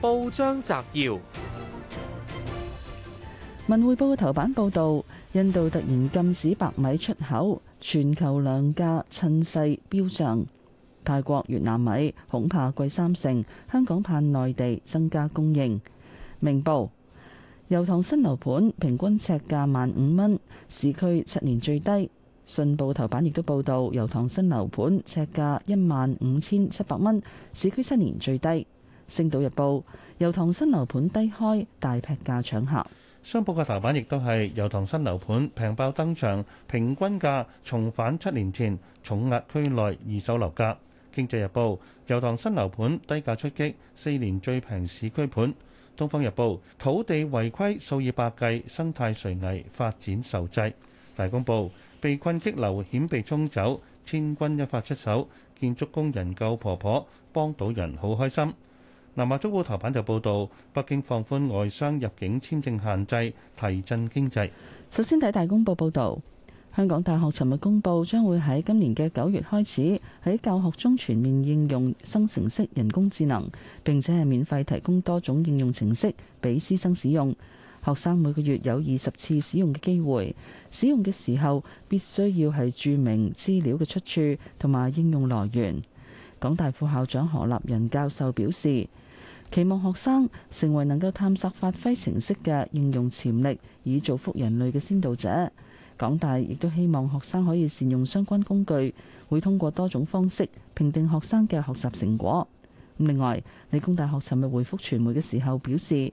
報章摘要：《文匯報》頭版報道，印度突然禁止白米出口，全球糧價趁勢飆漲。泰國、越南米恐怕貴三成。香港盼內地增加供應。《明報》油塘新樓盤平均尺價萬五蚊，市區七年最低。《信報》頭版亦都報道，油塘新樓盤尺價一萬五千七百蚊，市區七年最低。《星島日報》油塘新樓盤低開，大劈價搶客；《商報》嘅頭版亦都係油塘新樓盤平爆登場，平均價重返七年前重壓區內二手樓價。《經濟日報》油塘新樓盤低價出擊，四年最平市區盤。《東方日報》土地違規數以百計，生態垂危發展受制。《大公報》被困激流，險被沖走，千鈞一發出手，建築工人救婆婆，幫到人好開心。南亞中報頭版就報道，北京放寬外商入境簽證限制，提振經濟。首先睇大公報報導，香港大學尋日公佈，將會喺今年嘅九月開始喺教學中全面應用生成式人工智能，並且係免費提供多種應用程式俾師生使用。學生每個月有二十次使用嘅機會，使用嘅時候必須要係註明資料嘅出處同埋應用來源。港大副校長何立仁教授表示。期望學生成為能夠探索發揮程式嘅應用潛力，以造福人類嘅先導者。港大亦都希望學生可以善用相關工具，會通過多種方式評定學生嘅學習成果。咁另外，理工大學尋日回覆傳媒嘅時候表示，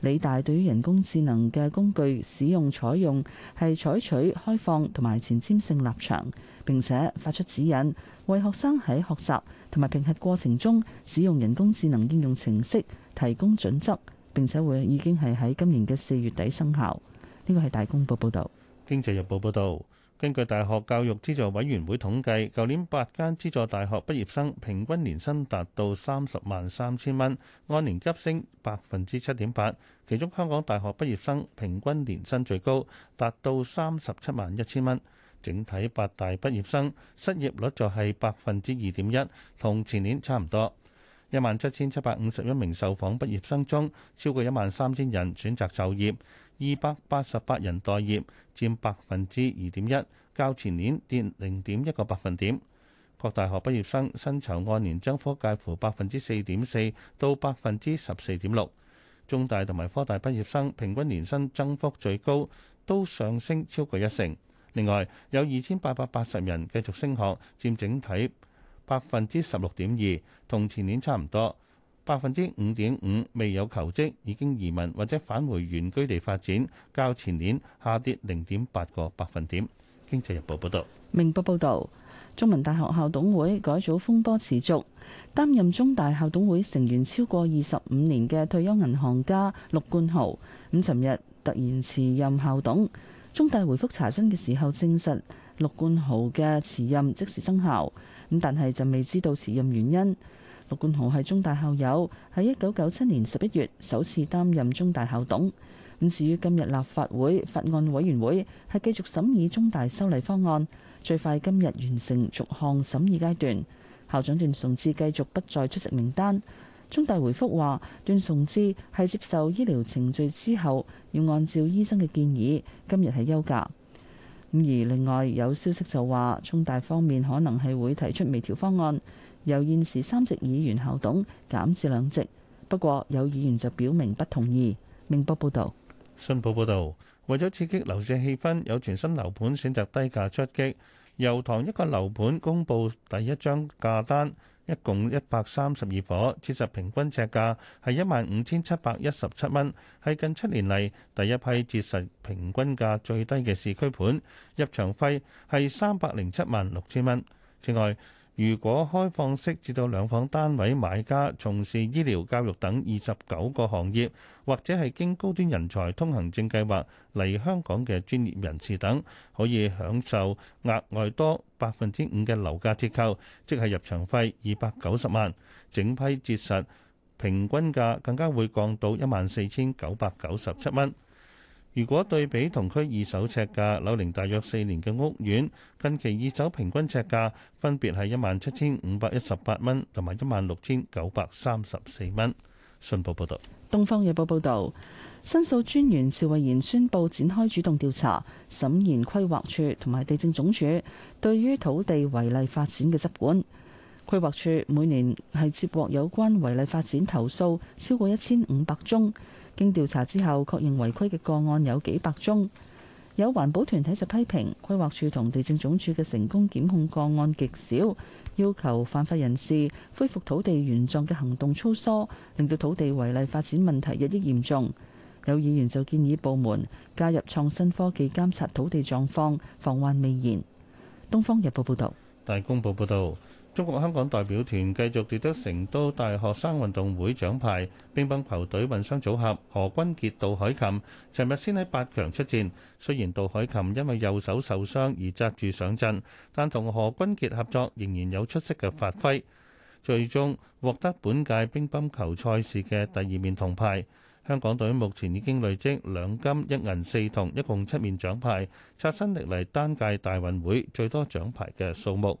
理大對於人工智能嘅工具使用採用係採取開放同埋前瞻性立場。並且發出指引，為學生喺學習同埋評核過程中使用人工智能應用程式提供準則，並且會已經係喺今年嘅四月底生效。呢個係大公報報道，經濟日報報道。根據大學教育資助委員會統計，舊年八間資助大學畢業生平均年薪達到三十萬三千蚊，按年急升百分之七點八。其中香港大學畢業生平均年薪最高，達到三十七萬一千蚊。整體八大畢業生失業率就係百分之二點一，同前年差唔多。一萬七千七百五十一名受訪畢業生中，超過一萬三千人選擇就業，二百八十八人待業，佔百分之二點一，較前年跌零點一個百分點。各大學畢業生薪酬按年增幅介乎百分之四點四到百分之十四點六。中大同埋科大畢業生平均年薪增幅最高，都上升超過一成。另外，有二千八百八十人繼續升學，佔整體百分之十六點二，同前年差唔多。百分之五點五未有求職，已經移民或者返回原居地發展，較前年下跌零點八個百分點。經濟日報報道：「明報報道，中文大學校董會改組風波持續，擔任中大校董會成員超過二十五年嘅退休銀行家陸冠豪，五尋日突然辭任校董。中大回覆查詢嘅時候，證實陸冠豪嘅辭任即時生效，咁但係就未知道辭任原因。陸冠豪係中大校友，喺一九九七年十一月首次擔任中大校董。咁至於今日立法會法案委員會係繼續審議中大修例方案，最快今日完成逐項審議階段。校長段崇智繼續不再出席名單。中大回覆話：段崇智係接受醫療程序之後，要按照醫生嘅建議，今日係休假。咁而另外有消息就話，中大方面可能係會提出微調方案，由現時三席議員校董減至兩席。不過有議員就表明不同意。明報報道。信報報道，為咗刺激樓市氣氛，有全新樓盤選擇低價出擊。油塘一個樓盤公佈第一張價單，一共一百三十二伙，折實平均尺價係一萬五千七百一十七蚊，係近七年嚟第一批折實平均價最低嘅市區盤，入場費係三百零七萬六千蚊。此外，如果開放式至到兩房單位買家從事醫療、教育等二十九個行業，或者係經高端人才通行證計劃嚟香港嘅專業人士等，可以享受額外多百分之五嘅樓價折扣，即係入場費二百九十萬，整批折實平均價更加會降到一萬四千九百九十七蚊。如果對比同區二手尺價，樓齡大約四年嘅屋苑，近期二手平均尺價分別係一萬七千五百一十八蚊同埋一萬六千九百三十四蚊。信報報導，東方日報報道：「申訴專員趙慧賢宣布展開主動調查，審研規劃處同埋地政總署對於土地違例發展嘅執管。規劃處每年係接獲有關違例發展投訴超過一千五百宗。經調查之後，確認違規嘅個案有幾百宗，有環保團體就批評規劃處同地政總署嘅成功檢控個案極少，要求犯法人士恢復土地原狀嘅行動粗疏，令到土地違例發展問題日益嚴重。有議員就建議部門加入創新科技監察土地狀況，防患未然。《東方日報》報道。《大公報》報導。中國香港代表團繼續奪得成都大學生運動會獎牌，乒乓球隊混雙組合何鈞傑、杜凱琹，昨日先喺八強出戰。雖然杜凱琹因為右手受傷而紮住上陣，但同何鈞傑合作仍然有出色嘅發揮，最終獲得本屆乒乓球賽事嘅第二面銅牌。香港隊目前已經累積兩金一銀四銅，一共七面獎牌，刷新歷嚟單屆大運會最多獎牌嘅數目。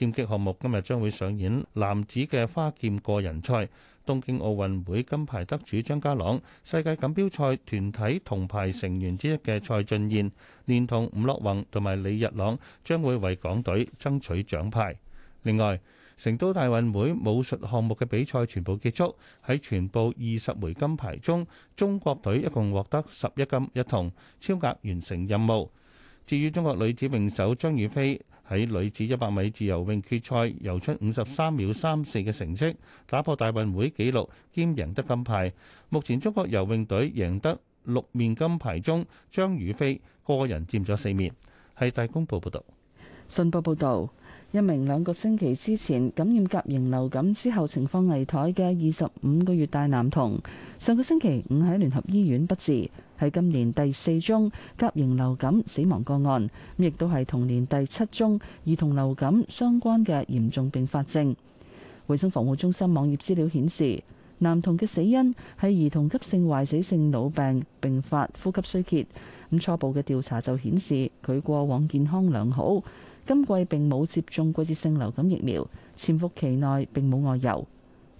劍擊項目今日將會上演男子嘅花劍個人賽，東京奧運會金牌得主張家朗、世界錦標賽團體銅牌成員之一嘅蔡俊彥，連同吳樂宏同埋李日朗，將會為港隊爭取獎牌。另外，成都大運會武術項目嘅比賽全部結束，喺全部二十枚金牌中，中國隊一共獲得十一金一銅，超額完成任務。至於中國女子泳手張雨霏，喺女子一百米自由泳決賽游出五十三秒三四嘅成績，打破大運會紀錄兼贏得金牌。目前中國游泳隊贏得六面金牌中，張雨霏個人佔咗四面。係大公報報道，信報報道。一名兩個星期之前感染甲型流感之後情況危殆嘅二十五個月大男童，上個星期五喺聯合醫院不治，係今年第四宗甲型流感死亡個案，亦都係同年第七宗兒童流感相關嘅嚴重併發症。衛生防護中心網頁資料顯示，男童嘅死因係兒童急性壞死性腦病併發呼吸衰竭，咁初步嘅調查就顯示佢過往健康良好。今季並冇接種季節性流感疫苗，潛伏期內並冇外遊。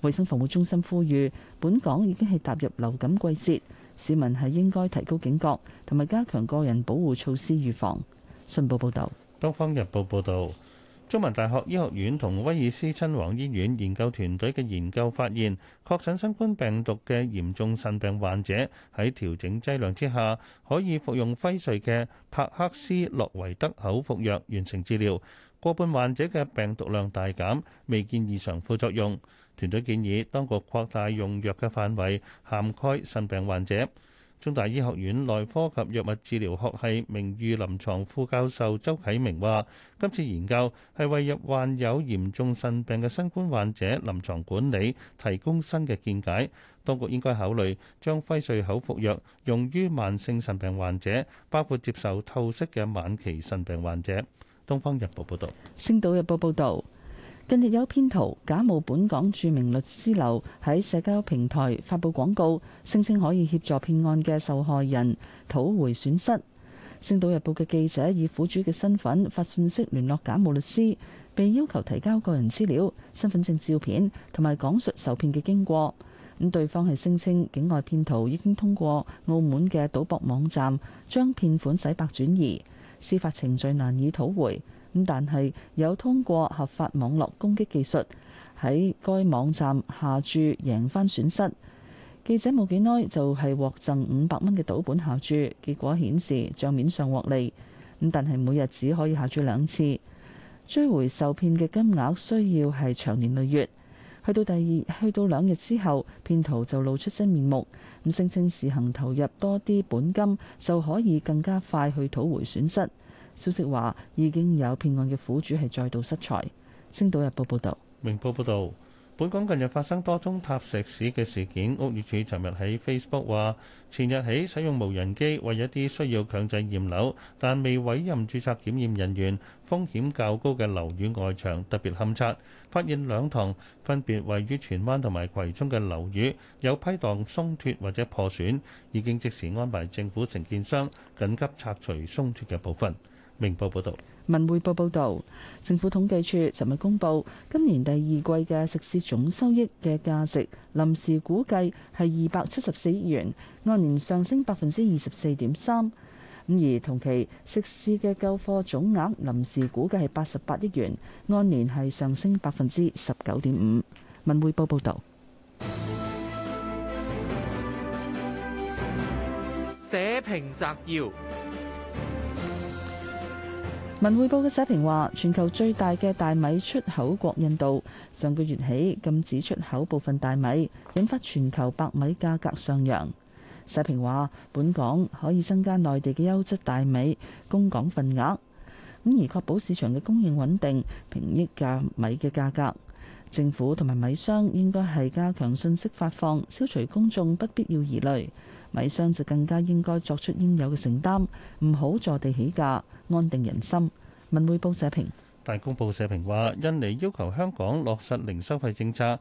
衞生防護中心呼籲，本港已經係踏入流感季節，市民係應該提高警覺，同埋加強個人保護措施預防。信報報導，《東方日報》報導。中文大學醫學院同威爾斯親王醫院研究團隊嘅研究發現，確診新冠病毒嘅嚴重腎病患者喺調整劑量之下，可以服用輝瑞嘅帕克斯洛維德口服藥完成治療。過半患者嘅病毒量大減，未見異常副作用。團隊建議當局擴大用藥嘅範圍，涵蓋腎病患者。中大醫學院內科及藥物治療學系名譽臨床副教授周啟明話：今次研究係為入患有嚴重腎病嘅新冠患者臨床管理提供新嘅見解，當局應該考慮將輝瑞口服藥用於慢性腎病患者，包括接受透析嘅晚期腎病患者。《東方日報》報導，《星島日報》報導。近日有騙徒假冒本港著名律師樓喺社交平台發布廣告，聲稱可以協助騙案嘅受害人討回損失。星島日報嘅記者以苦主嘅身份發信息聯絡假冒律師，被要求提交個人資料、身份證照片同埋講述受騙嘅經過。咁對方係聲稱境外騙徒已經通過澳門嘅賭博網站將騙款洗白轉移。司法程序難以討回，咁但係有通過合法網絡攻擊技術喺該網站下注贏返損失。記者冇幾耐就係獲贈五百蚊嘅賭本下注，結果顯示帳面上獲利，咁但係每日只可以下注兩次，追回受騙嘅金額需要係長年累月。去到第二，去到兩日之後，騙徒就露出真面目。咁聲稱自行投入多啲本金就可以更加快去討回損失。消息話已經有騙案嘅苦主係再度失財。星島日報報道。明報報導。本港近日發生多宗塌石屎嘅事件，屋宇署尋日喺 Facebook 話，前日起使用無人機為一啲需要強制驗樓但未委任註冊檢驗人員、風險較高嘅樓宇外牆特別勘測，發現兩棟分別位於荃灣同埋葵涌嘅樓宇有批盪鬆脱或者破損，已經即時安排政府承建商緊急拆除鬆脱嘅部分。明報報導，文匯報報導，政府統計處尋日公布今年第二季嘅食肆總收益嘅價值，臨時估計係二百七十四億元，按年上升百分之二十四點三。咁而同期食肆嘅購貨總額臨時估計係八十八億元，按年係上升百分之十九點五。文匯報報導。社評摘要。文匯報嘅社評話：全球最大嘅大米出口國印度上個月起禁止出口部分大米，引發全球白米價格上揚。社評話：本港可以增加內地嘅優質大米供港份額，咁而確保市場嘅供應穩定，平抑價米嘅價格。政府同埋米商應該係加強信息發放，消除公眾不必要疑慮。米商就更加應該作出應有嘅承擔，唔好坐地起價，安定人心。文匯報社評。大公報社評話，印尼要求香港落實零收費政策，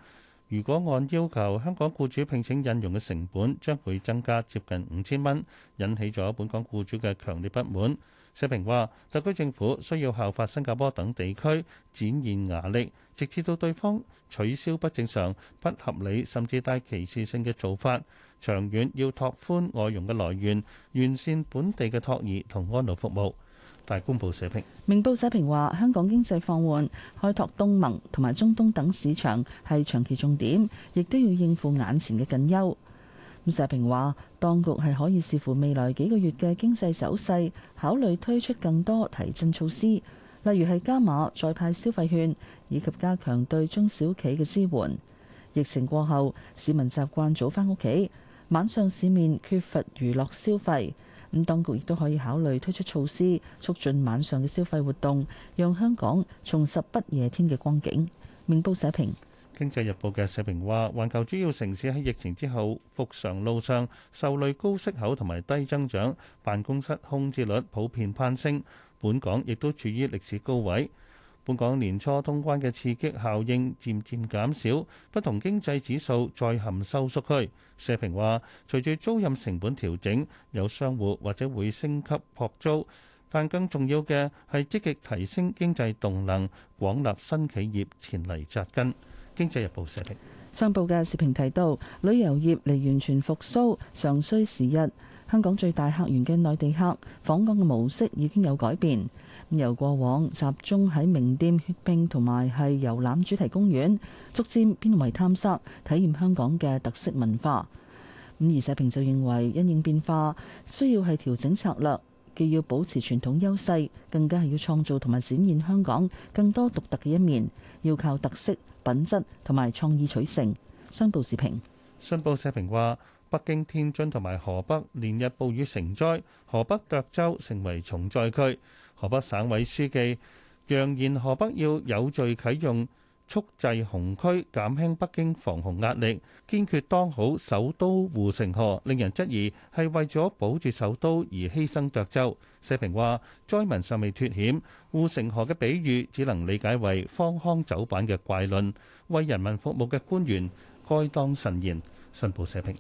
如果按要求，香港雇主聘請印傭嘅成本將會增加接近五千蚊，引起咗本港雇主嘅強烈不滿。社評話，特區政府需要效法新加坡等地區，展現牙力，直至到對方取消不正常、不合理甚至帶歧視性嘅做法。長遠要拓寬外傭嘅來源，完善本地嘅托兒同安老服務。大公報社評，明報社評話，香港經濟放緩，開拓東盟同埋中東等市場係長期重點，亦都要應付眼前嘅近憂。咁社評話，當局係可以視乎未來幾個月嘅經濟走勢，考慮推出更多提振措施，例如係加碼再派消費券，以及加強對中小企嘅支援。疫情過後，市民習慣早翻屋企。晚上市面缺乏娛樂消費，咁當局亦都可以考慮推出措施，促進晚上嘅消費活動，讓香港重拾不夜天嘅光景。明報社評。經濟日報嘅社評話，環球主要城市喺疫情之後復常路上，受累高息口同埋低增長，辦公室空置率普遍攀升，本港亦都處於歷史高位。本港年初通關嘅刺激效應漸漸減少，不同經濟指數再陷收縮區。社評話，隨住租賃成本調整，有商戶或者會升級擴租，但更重要嘅係積極提升經濟動能，廣納新企業前嚟紮根。經濟日報社評。上報嘅社評提到，旅遊業離完全復甦尚需時日。香港最大客源嘅內地客訪港嘅模式已經有改變。由過往集中喺名店、血拼同埋係遊覽主題公園，逐漸變為探索體驗香港嘅特色文化。咁而社評就認為，因應變化需要係調整策略，既要保持傳統優勢，更加係要創造同埋展現香港更多獨特嘅一面，要靠特色、品質同埋創意取勝。商報時評，商報社評話。北京、天津同埋河北連日暴雨成災，河北涿州成為重災區。河北省委書記揚言河北要有序啟用蓄滯洪區，減輕北京防洪壓力，堅決當好首都護城河。令人質疑係為咗保住首都而犧牲涿州。社評話，災民尚未脫險，護城河嘅比喻只能理解為荒腔走板嘅怪論。為人民服務嘅官員該當慎言。信報社評。